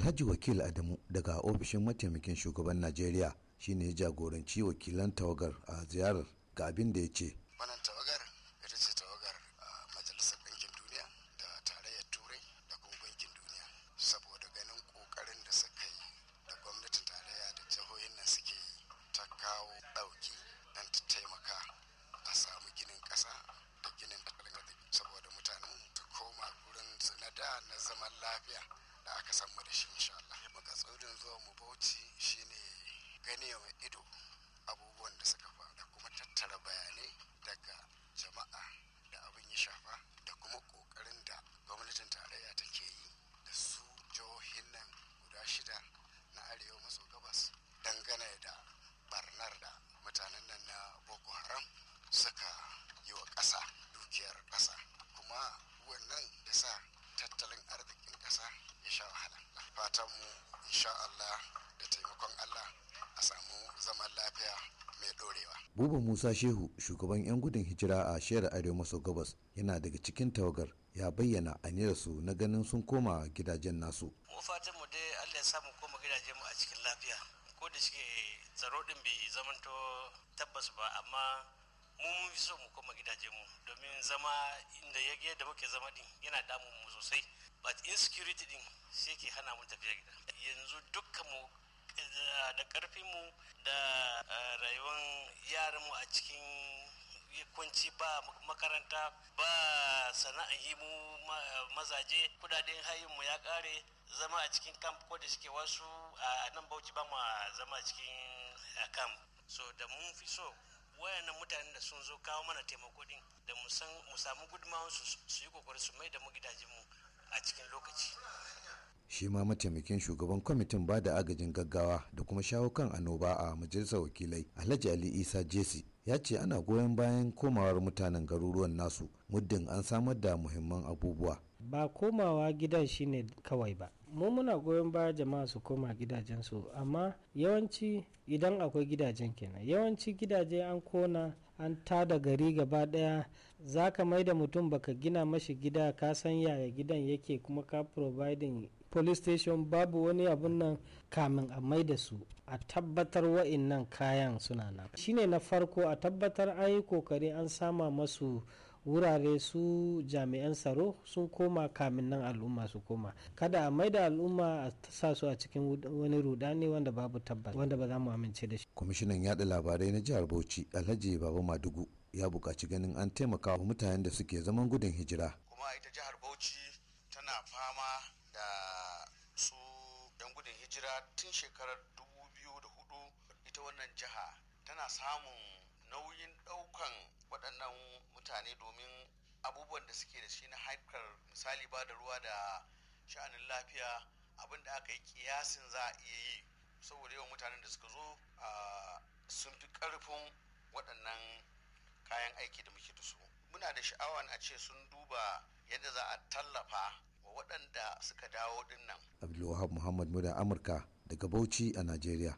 alhaji wakil adamu daga ofishin mataimakin shugaban najeriya shine ya jagoranci wakilan tawagar a ziyarar ga abin da ya ce wannan tawagar ita ce tawagar a majalisar bankin duniya da tarayyar turai da kuma bankin duniya saboda ganin ƙoƙarin da suka yi da gwamnatin tarayya da jihohin nan suke ta kawo ɗauki don taimaka a samu ginin ƙasa da ginin saboda mutanen su koma gurin su na da na zaman lafiya da aka san mu da shi insha Allah makasudin zuwa mu Bauchi shine gane wa ido fatanmu insha Allah da taimakon Allah a samu zaman lafiya mai ɗorewa. Buba Musa Shehu shugaban 'yan gudun hijira a shiyar Arewa maso gabas yana daga cikin tawagar ya bayyana a su na ganin sun koma gidajen nasu. Mu dai Allah ya samu koma gidajen mu a cikin lafiya ko da shi tsaro din bai zamanto tabbas ba amma mun fi so mu koma mu domin zama inda ya da muke zama din yana damun mu sosai but insecurity din sai ke hana mu tafiya gida yanzu dukkan mu eh, da karfin mu da eh, rayuwar yaran mu a cikin kunci ba makaranta ba sana'a yi mu mazaje kudaden hayin mu ya kare zama a cikin camp ko da suke wasu a nan bauchi ba ma zama a cikin eh, camp so da mun fi so wayannan mutanen da sun zo kawo mana taimako din da mu samu gudunmawar su su yi kokari su mai da mu gidajenmu a cikin lokaci shi ma mataimakin shugaban kwamitin ba da agajin gaggawa da kuma shawo kan annoba a majalisar wakilai alhaji ali isa jesi ya ce ana goyon bayan komawar mutanen garuruwan nasu muddin an samar da muhimman abubuwa ba komawa gidan shine kawai ba mu muna goyon baya jama'a su koma gidajensu amma yawanci idan akwai gidajen kenan yawanci gidaje an kona an ta da gari gaba daya za ka mai da mutum baka gina mashi gida ka san yaya gidan yake kuma ka providing police station babu wani abun nan kamin a mai da su a tabbatar wa'innan kayan suna nan shine na farko a tabbatar an yi kokari an sama masu wurare su jami'an tsaro sun koma kamin nan al'umma su koma kada a da al'umma a sa su a cikin wani rudani wanda babu tabbas wanda ba za mu amince da shi kwamishinan yada labarai na jihar bauchi alhaji baba madugu ya bukaci ganin an taimaka wa mutanen da suke zaman gudun hijira kuma ita jihar bauchi tana fama da su yan gudun hijira tun shekarar 2004 ita wannan jiha tana samun nauyi ne domin abubuwan da suke da shi na haifar misali ba da ruwa da sha'anin lafiya abin da aka yi kiyasin za a iya yi saboda yawan mutanen da suka zo sun fi karfin waɗannan kayan aiki da muke da su muna da sha'awan a ce sun duba yadda za a tallafa wa waɗanda suka dawo dinnan. abdulwahab muhammad muda amurka daga bauchi a najeriya